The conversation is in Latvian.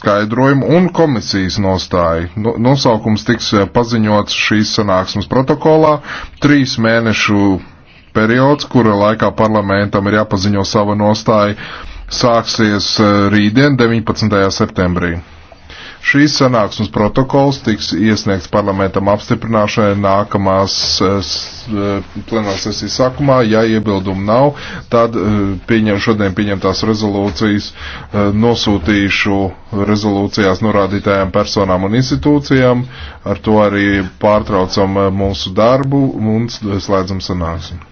skaidrojumu un komisijas nostāju. Nu, nosaukums tiks eh, paziņots šīs sanāksmes protokolā. Trīs mēnešu periods, kura laikā parlamentam ir jāpaziņo sava nostāja, sāksies eh, rītdien, 19. septembrī. Šīs sanāksmes protokols tiks iesniegts parlamentam apstiprināšanai nākamās eh, plenārsesijas sākumā. Ja iebildumu nav, tad eh, pieņem, šodien pieņemtās rezolūcijas eh, nosūtīšu rezolūcijās norādītajām personām un institūcijām. Ar to arī pārtraucam mūsu darbu un slēdzam sanāksmi.